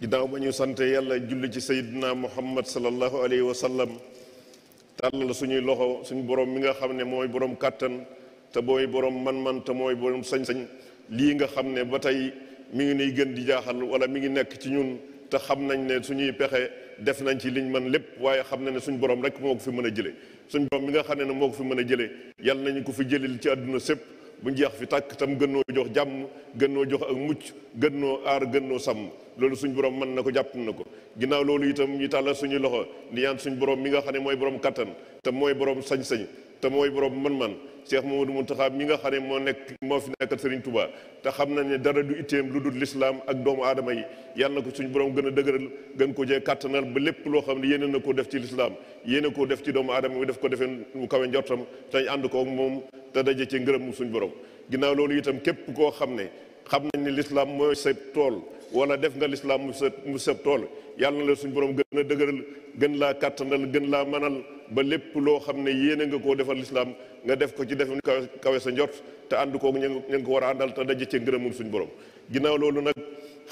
ginnaaw ba ñu santee yàlla julli ci sayyidina muhammad sallallahu alayhi wa sallam tàllal suñuy loxo suñu borom mi nga xam ne mooy borom kàttan te mooy borom man-man te mooy borom sañ-sañ lii nga xam ne ba tey mu ngi nuy gën di jaaxal wala mi ngi nekk ci ñun te xam nañ ne suñuy pexe def nañ ci liñ mën lépp waaye xam na ne suñu borom rek moo ko fi mën a jëlee suñu borom mi nga xam ne moo ko fi mën a jëlee yàlla nañu ko fi jëlil ci àdduna sépp bu jeex fi tàkk tam gën noo jox jàmm gën noo jox ak mucc gën noo aar gën noo sàmm loolu suñ borom mën na ko jàpp na ko ginnaaw loolu itam ñu tàllal suñu loxo di ñaan suñ borom mi nga xam ne mooy borom kàttan te mooy borom sañ-sañ te mooy boroom mën man Cheikh Mamadou Mountakha mi nga xam ne moo nekk moo fi nekkal Serigne Touba te xam na ne dara du itteem lu dul lislaam ak doomu adama yi yàlla na ko suñu borom gën a dëgëral gën ko jee kàttanal ba lépp loo xam ne yéene na koo def ci lislaam yéene koo def ci doomu aadama bi ko defee mu kawe njortam te ànd ko ak moom te daje ci suñu borom ginnaaw loolu itam képp koo xam ne xam nañ ne lislaam mooy sa tool wala def nga lislaam mu sa mu sa tool yàlla na la suñu borom gën a dëgëral gën laa kàttanal gën laa manal ba lépp loo xam ne yéene nga koo defal lislaam nga def ko ci def kawe sa njort te ànd koo ña nga ko war a àndal te daje cee ngërëmul borom ginnaaw loolu nag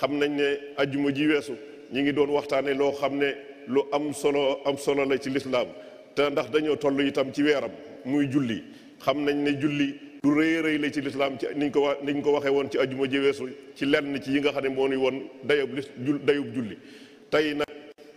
xam nañ ne ajjuma ji weesu ñi ngi doon waxtaane loo xam ne lu am solo am solo la ci lislaam te ndax dañoo toll itam ci weeram muy julli xam nañ ne julli lu rëy rëy la ci lislaam ci niñ ko wa niñ ko waxee woon ci ajjuma ji weesu ci lenn ci yi nga xam ne moo nuy woon dayub lis dayub julli tey nag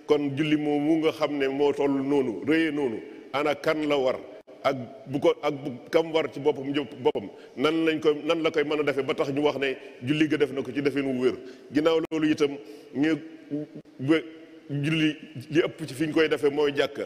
kon julli moomu nga xam ne moo toll noonu rëyee noonu ana kan la war ak bu ko ak bu kam war ci boppam jë boppam nan lañ koy nan la koy mën a defee ba tax ñu wax ne julli ga def na ko ci defin wu wér ginnaaw loolu itam ñu julli li ëpp ci fiñ koy defee mooy jàkka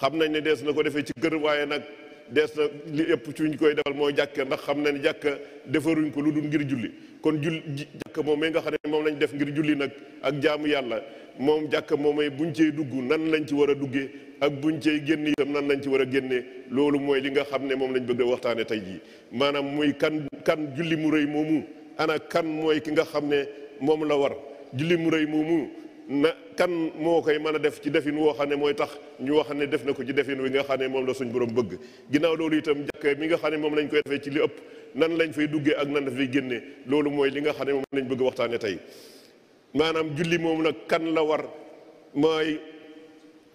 xam nañ ne dees na ko defee ci kër waaye nag des na li ëpp ci ñu koy defal mooy jàkkee ndax xam na ni jàkka defaruñ ko lu dul ngir julli kon jul jàkka moom nga xam ne moom lañ def ngir julli nag ak jaamu yàlla moom jàkka moomay buñ cey dugg nan lañ ci war a duggee ak buñ cey génn itam nan lañ ci war a génnee loolu mooy li nga xam ne moom lañ bëgg a waxtaane tey jii maanaam muy kan kan julli mu rëy moomu ana kan mooy ki nga xam ne moom la war julli mu rëy moomu na kan moo koy mën a def ci defin woo xam ne mooy tax ñu wax ne def na ko ci defin wi nga xam ne moom la suñ borom bëgg ginnaaw loolu itam jàkk mi nga xam ne moom lañ koy defee ci li ëpp nan lañ fay duggee ak nan la génnee loolu mooy li nga xam ne moom lañ bëgg waxtaane tey maanaam julli moom nag kan la war mooy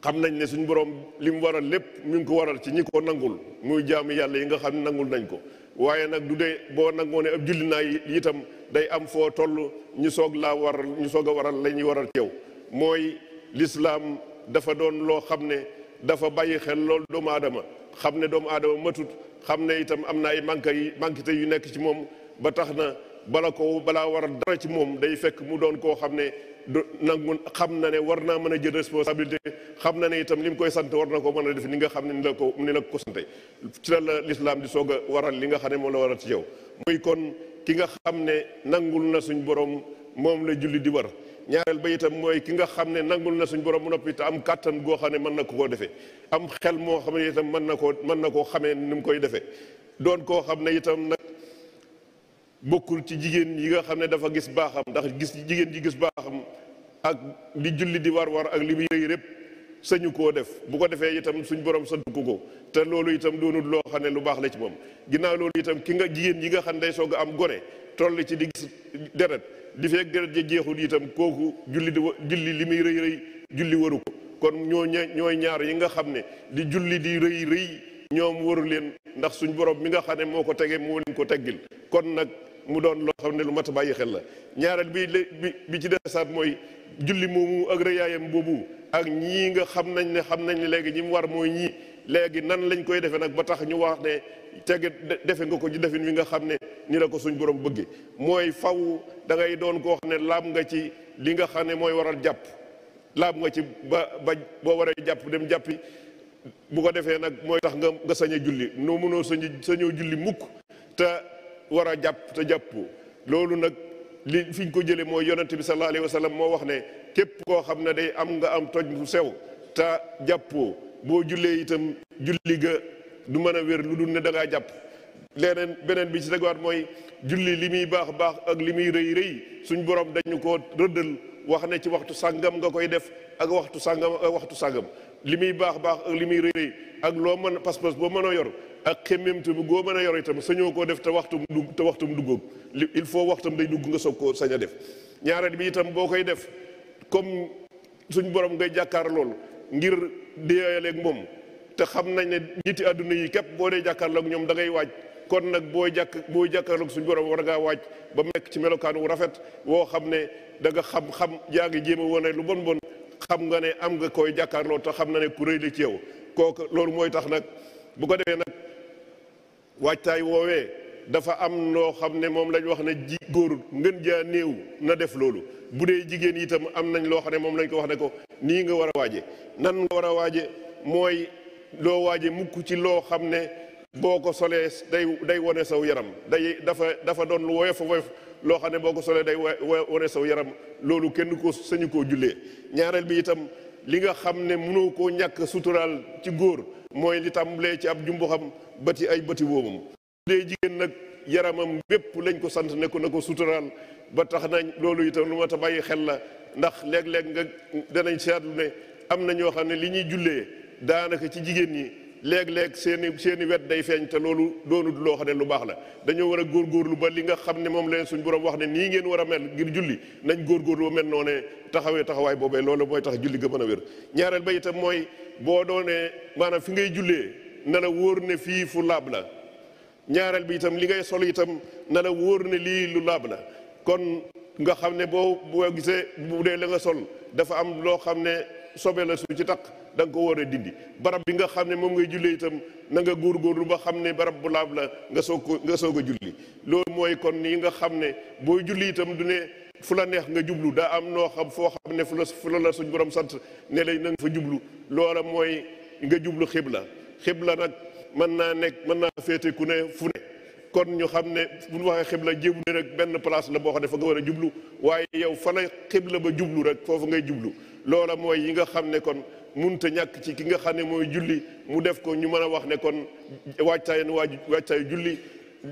xam nañ ne suñ borom li mu waral lépp mi ngi ko waral ci ñi ko nangul muy jaamu yàlla yi nga xam ne nangul nañ ko waaye nag du de boo nangoo ne ab julli naa itam day am foo toll ñu soog laa waral ñu soog a waral la ñuy waral ci yow mooy lislaam dafa doon loo xam ne dafa bàyyi xel loolu doomu aadama xam ne doomu aadama matut xam ne itam am na ay manque yi manquité yu nekk ci moom ba tax na bala ko balaa waral dara ci moom day fekk mu doon koo xam ne du nangu xam na ne war naa mën a jël responsabilité xam na ne itam li mu koy sant war na ko mën a defe ni nga xam ne ni la ko ni la ko sante lislaam di soog a waral li xam ne moom waral ci yow muy kon ki nga xam ne nangul na suñ borom moom la julli di war ñaareel ba itam mooy ki nga xam ne nangul na suñ borom mu noppi te am kàttan goo xam ne mën na ko koo defee am xel moo xam ne itam mën na koo mën na koo xamee ni mu koy defee doon koo xam ne itam nag bokkul ci jigéen yi nga xam ne dafa gis baaxam ndax gis jigéen ji gis baaxam ak di julli di war-war ak li muy rëy répp sañu koo def bu ko defee itam suñ borom sant ko ko te loolu itam doonul loo xam ne lu baax la ci moom ginnaaw loolu itam ki nga jigéen yi nga xam ne day soog a am gone toll ci di deret di fekk deret jeexul itam kooku julli di julli li muy rëy rëy julli waru ko kon ñoo ñooy ñaar yi nga xam ne di julli di rëy rëy ñoom waru leen ndax suñ borom mi nga xam ne moo ko tege moo leen ko teggil kon nag mu doon loo xam ne lu mat a bàyyi xel la ñaareel bi bi ci saat mooy julli moomu ak rëyaayam boobu ak ñii nga xam nañ ne xam nañ ne léegi ñi mu war mooy ñii léegi nan lañ koy defee nag ba tax ñu wax ne tege defe nga ko ci defin wi nga xam ne ni la ko suñ borom bëgge mooy faw da ngay doon koo xam ne laab nga ci li nga xam ne mooy waral jàpp laab nga ci ba ba boo waree jàpp dem jàppi bu ko defee nag mooy tax nga nga sañ a julli noo mënoo sañ sañoo julli mukk te war a jàpp te jàppoo loolu nag li fi ñu ko jëlee mooy yonent bi sallallahu alayhi wa moo wax ne képp koo xam ne day am nga am toj bu sew te jàppoo boo jullee itam julli ga du mën a wér lu dul ne da jàpp leneen beneen bi ci tegaat mooy julli li muy baax baax ak li muy rëy rëy suñ borom dañu ko rëddal wax ne ci waxtu sàngam nga koy def ak waxtu sàngam ak waxtu sàngam li muy baax baax ak li muy rëy ak loo mën pas-pas boo mën a yor ak xemmem tamit goo mën a yor itam sañoo koo def te waxtu du te waxtum duggoog il faut waxtam day dugg nga soog koo sañ def ñaareel bi itam boo koy def comme suñ borom ngay jàkkaar lool ngir déyaleeg moom te xam nañ ne niti àdduna yi képp boo dee jàkkaarloog ñoom da ngay kon nag booy jàkk booy jàkkaarloog suñu borom war ngaa waaj ba mu nekk ci melokaan wu rafet woo xam ne da xam-xam yaa ngi jéem a wane lu bon bon xam nga ne am nga koy jàkkaarloo te xam na ne ku rëy la ci yow kooku loolu mooy tax nag bu ko defee nag waajtaay woowee dafa am loo xam ne moom lañ wax ne ji góor ngën jaa néew na def loolu bu dee jigéen itam am nañ loo xam ne moom lañ ko wax ne ko nii nga war a waaje nan nga war a waaje mooy loo waaje mukk ci loo xam ne boo ko solee day day wone saw yaram day dafa dafa doon woyof woyof loo xam ne boo ko solee day wone saw yaram loolu kenn ko sañu koo jullee ñaareel bi itam li nga xam ne mënoo koo ñàkk suturaal ci góor mooy li tàmbalee ci ab jumbuxam bati ay bati woomam dee jigéen nag yaramam bépp lañ ko sant ne ko na ko suturaal ba tax nañ loolu itam lu ma ta bàyyi xel la ndax léeg-léeg nga danañ seetlu ne am na ñoo xam ne li ñuy jullee daanaka ci jigéen ñi léeg-léeg seen i wet day feeñ te loolu doonut loo xam ne lu baax la dañoo war a góor góorgóorlu ba li nga xam ne moom leen suñ borom wax ne nii ngeen war a mel ngir julli nañ góorgóorlu ba noo ne taxawee taxawaay boobee loolu mooy tax julli ga mën a wér ñaareel ba mooy boo doonee maanaam fi ngay jullee na la wóor ne fii fu laab la ñaareel bi itam li ngay sol itam na la wóor ne lii lu laab la kon nga xam ne boo boo gisee bu dee la nga sol dafa am loo xam ne sobee la su ci takk da nga ko war a dindi barab bi nga xam ne moom ngay jullee itam na nga góorgóorlu ba xam ne barab bu laab la nga soog ko nga soog a julli loolu mooy kon nii nga xam ne booy julli itam du ne fu la neex nga jublu daa am noo xam foo xam ne fu la fu la la suñ borom sant ne la na nga fa jublu loola mooy nga jublu xibla xibla nag mën naa nekk mën naa féete ku ne fu ne kon ñu xam ne bu ñu waxee xibla jébu ne rek benn place la boo xam ne fa nga war a jublu waaye yow fa la xibla ba jublu rek foofu ngay jublu loola mooy yi nga xam ne kon te ñàkk ci ki nga xam ne mooy julli mu def ko ñu mën a wax ne kon waajtaayen waa waajtaayu julli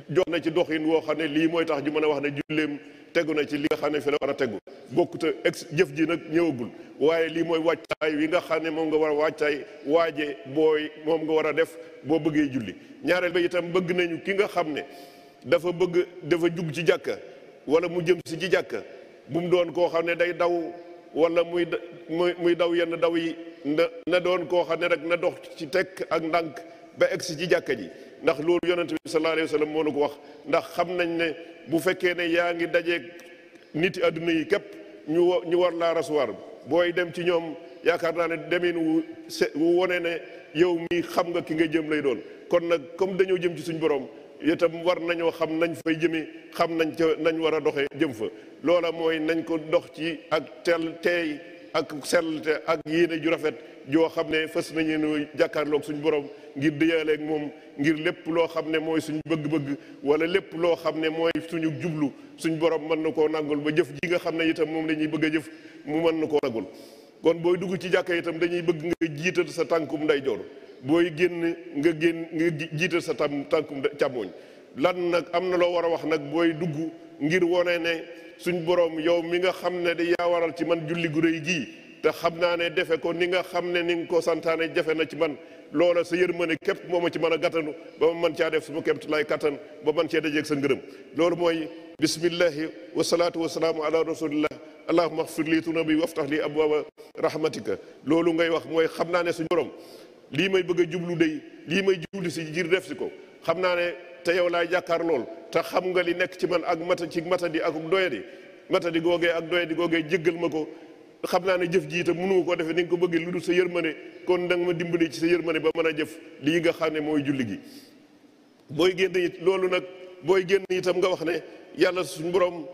jox na ci doxin woo xam ne lii mooy tax ñu mën a wax ne julleem tegu na ci li xam ne fi war a tegu bokkute ex jëf ji nag ñëwagul waaye lii mooy waajtaay wi nga xam ne moom nga war a waajtaay waaje booy moom nga war a def boo bëggee julli ñaareel ba itam bëgg nañu ki nga xam ne dafa bëgg dafa jub ci jàkka wala mu jëm ci jàkka bu mu doon koo xam ne day daw wala muy muy muy daw yenn daw yi na na doon koo xam ne rek na dox ci tekk ak ndànk ba egsi ci jàkka ji ndax loolu yonent bi sallallahu alayhi wa sallam moo nu ko wax ndax xam nañ ne bu fekkee ne yaa ngi dajeeg niti àdduna yi képp ñu ñu war laa rasuwaar booy dem ci ñoom yaakaar naa ne demin wu se wu wone ne yow mii xam nga ki nga jëm lay doon kon nag comme dañoo jëm ci suñu borom itam war nañoo xam nañ fay jëmee xam nañ ca nañ war a doxe jëm fa loola mooy nañ ko dox ci ak tel teey ak sellte ak yéene ju rafet joo xam ne fës nañu nu jàkkaarloog suñu borom ngir diyaaleeg moom ngir lépp loo xam ne mooy suñu bëgg-bëgg wala lépp loo xam ne mooy suñu jublu suñu borom mën na koo nangul ba jëf ji nga xam ne itam moom la ñuy bëgg a jëf mu mën na koo nangul kon booy dugg ci jàkka itam dañuy bëgg nga jiital sa tànkum ndeyjoor booy génn nga génn nga jiital sa tam tànkum càmmoñ lan nag am na loo war a wax nag booy dugg ngir wone ne suñ borom yow mi nga xam ne di yaa waral ci man julli gu rëy gii te xam naa ne defe ko ni nga xam ne ni nga ko santaane jafe na ci man loola sa yërmande képp moo ma ci mën a gàttanu ba ma mën caa def su ma képp lay kattan ba man cee dajeeg sa ngërëm loolu mooy bismillahi wasalaatu wasalaamu ala rasulillah allahuma xfir lii tunabi waftax lii abwaaba rahmatika loolu ngay wax mooy xam naa ne suñ borom lii may bëgg a jublu day lii may jublu si jir def si ko xam naa ne te yow laay jàkkaar lool te xam nga li nekk ci man ak mata ci matadi ak doyadi di googee ak doyadi googee jéggal ma ko xam naa ne jëf ji itam mënu ko defee ni nga ko bëggee lu dul sa yërmane kon danga ma dimbali ci sa yërmane ba mën a jëf lii xam ne mooy julli gi booy génn it loolu nag booy génn itam nga wax ne yàlla suñu borom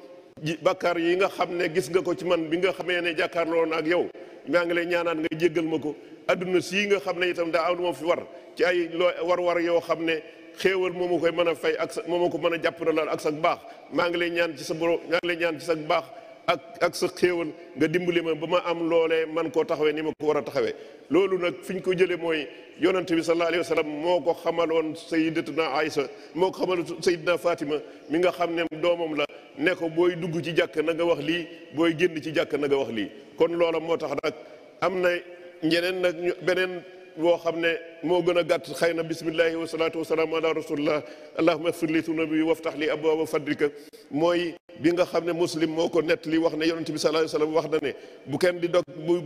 ji bàkkaar yi nga xam ne gis nga ko ci man bi nga xamee ne jàkkaarloo na ak yow maa ngi lay ñaanaan nga jéggal ma ko adduna sii nga xam ne itam daa am lu ma fi war ci ay loo war-war yoo xam ne xéewal moom ma koy mën a fay ak sa moo ma ko mën a jàpp na laal ak sa baax maa ngi lay ñaan ci sa boro maa ngi lay ñaan ci sa baax ak ak sa xéewal nga dimbali ma ba ma am loolee man koo taxawee ni ma ko war a taxawee loolu nag fi ñu ko jëlee mooy yonante wi sallallahu alayhi wa sallam moo ko xamaloon sayidatuna Aïsa moo ko xamal sayidna Fatima mi nga xam ne doomam la ne ko booy dugg ci jàkk na nga wax lii booy génn ci jàkk na wax lii kon loola moo tax nag am ñeneen nag beneen boo xam ne moo gën a gàtt xay na bismillahi wasalaatu wasalaam ala rasulillah allahuma fir li tax waftax li abwaaba fadrika mooy bi nga xam ne muslim moo ko nett li wax ne yonente bi sa alayhi wasallam wax na ne bu kenn di dog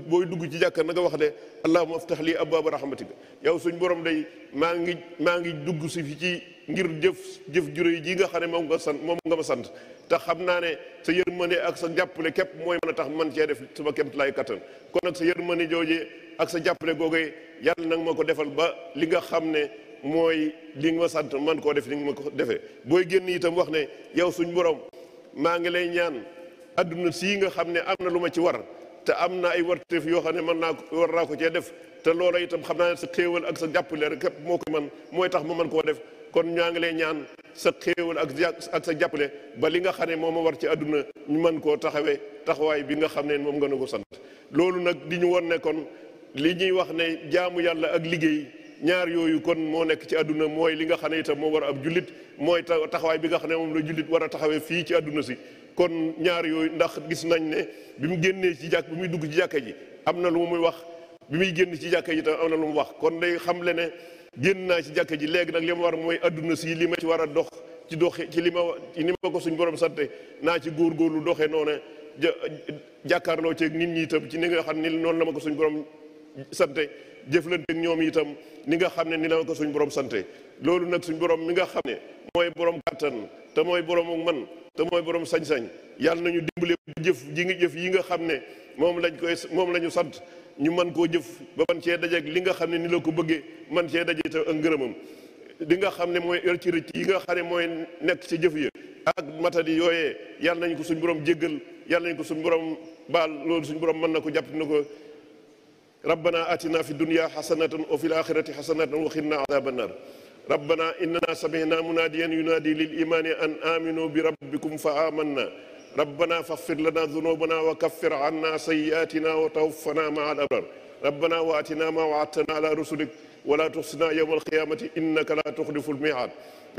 booy dugg ci jàkka na nga wax ne allahuma aftax li abwaaba rahmatika yow suñ borom day maa ngi maa ngi dugg si fi ci ngir jëf jëf juré ji nga xam ne moom nga sant moom nga ma sant te xam naa ne sa yërmande ak sa jàppale képp mooy mën a tax man cee def sama kémt lay kattan kon nag sa yërmande ak sa jàppale googee yàlla nag ma ko defal ba li nga xam ne mooy li ma sant man koo def li nga ma ko defee booy génn itam wax ne yow suñ borom maa ngi lay ñaan adduna sii nga xam ne am na lu ma ci war te am na ay warteef yoo xam ne mën naa ko war naa ko cee def te loola itam xam naa ne sa xéewal ak sa jàppale rek képp moo ko man mooy tax ma mën koo def kon ñaa ngi lay ñaan sa xéewal ak ak sa jàppale ba li nga xam ne moo ma war ci àdduna ñu mën koo taxawee taxawaay bi nga xam ne moom nga ne ko sant loolu nag di ñu won ne kon li ñuy wax ne jaamu yàlla ak liggéey ñaar yooyu kon moo nekk ci àdduna mooy li nga xam ne itam moo war a ab jullit mooy taxawaay bi nga xam ne moom la jullit war a taxawee fii ci àdduna si kon ñaar yooyu ndax gis nañ ne bi mu génnee ci jàkk bi muy dugg ci jàkka ji am na lu muy wax bi muy génn ci jàkka ji am na lu mu wax kon day xam le ne génn naa ci jàkk ji léegi nag li ma war mooy àdduna si li ma ci war a dox ci doxe ci li ma ni ma ko suñ borom sante naa ci góorgóorlu doxee noonu noone ceeg nit ñi itam ci ni nga ni noonu la ma ko suñ borom sante jëflante ñoom itam ni nga xam ne ni la ko suñ borom sante loolu nag suñ borom mi nga xam ne mooy borom kàttan te mooy borom man te mooy borom sañ-sañ yàlla nañu dimbale jëf ji jëf yi nga xam ne moom lañ koy moom la ñu sant ñu man koo jëf ba man cee dajeeg li nga xam ne ni la ko bëggee man cee daje te ak ngërëmam li nga xam ne mooy ërci rëcc yi nga xam ne mooy nekk ci jëf ya ak matadi yooyee yal nañ ko suñ borom jéggal yàlla nañ ko suñ borom baal loolu suñ borom mën na ko jàpp na ko ربنا آتنا في الدنيا حسنة وفي الآخرة حسنة وقنا عذاب النار ربنا إننا سمعنا مناديا ينادي للإيمان أن آمنوا بربكم فآمنا ربنا فاغفر لنا ذنوبنا وكفر عنا سيئاتنا وتوفنا مع الأبرار ربنا وآتنا ما وعدتنا على رسلك ولا تخزنا يوم القيامة إنك لا تخلف الميعاد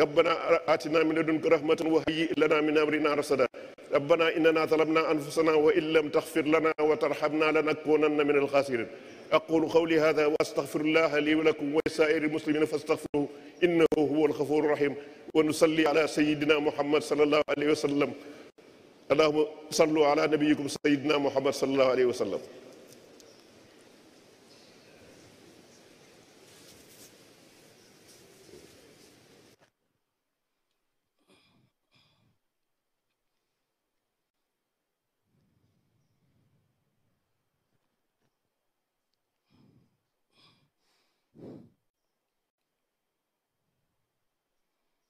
ربنا آتنا من لدنك رحمة وهيئ لنا من أمرنا رشدا rabbana innana zalamna anfusana wa in lam taxfir lana wa tarxamna lanakunanna min alxaasirin aqulu qawli hada wa astaxfirullaha li wa lakum wa saa'iri muslimina fastaxfiruhu innahu huwa alxafuru rahim wa nusalli ala sayidina muhammad salallahu alayhi wa sallam allahuma sallu ala nabiyikum sayidina muhammad salallahu alayhi wa sallam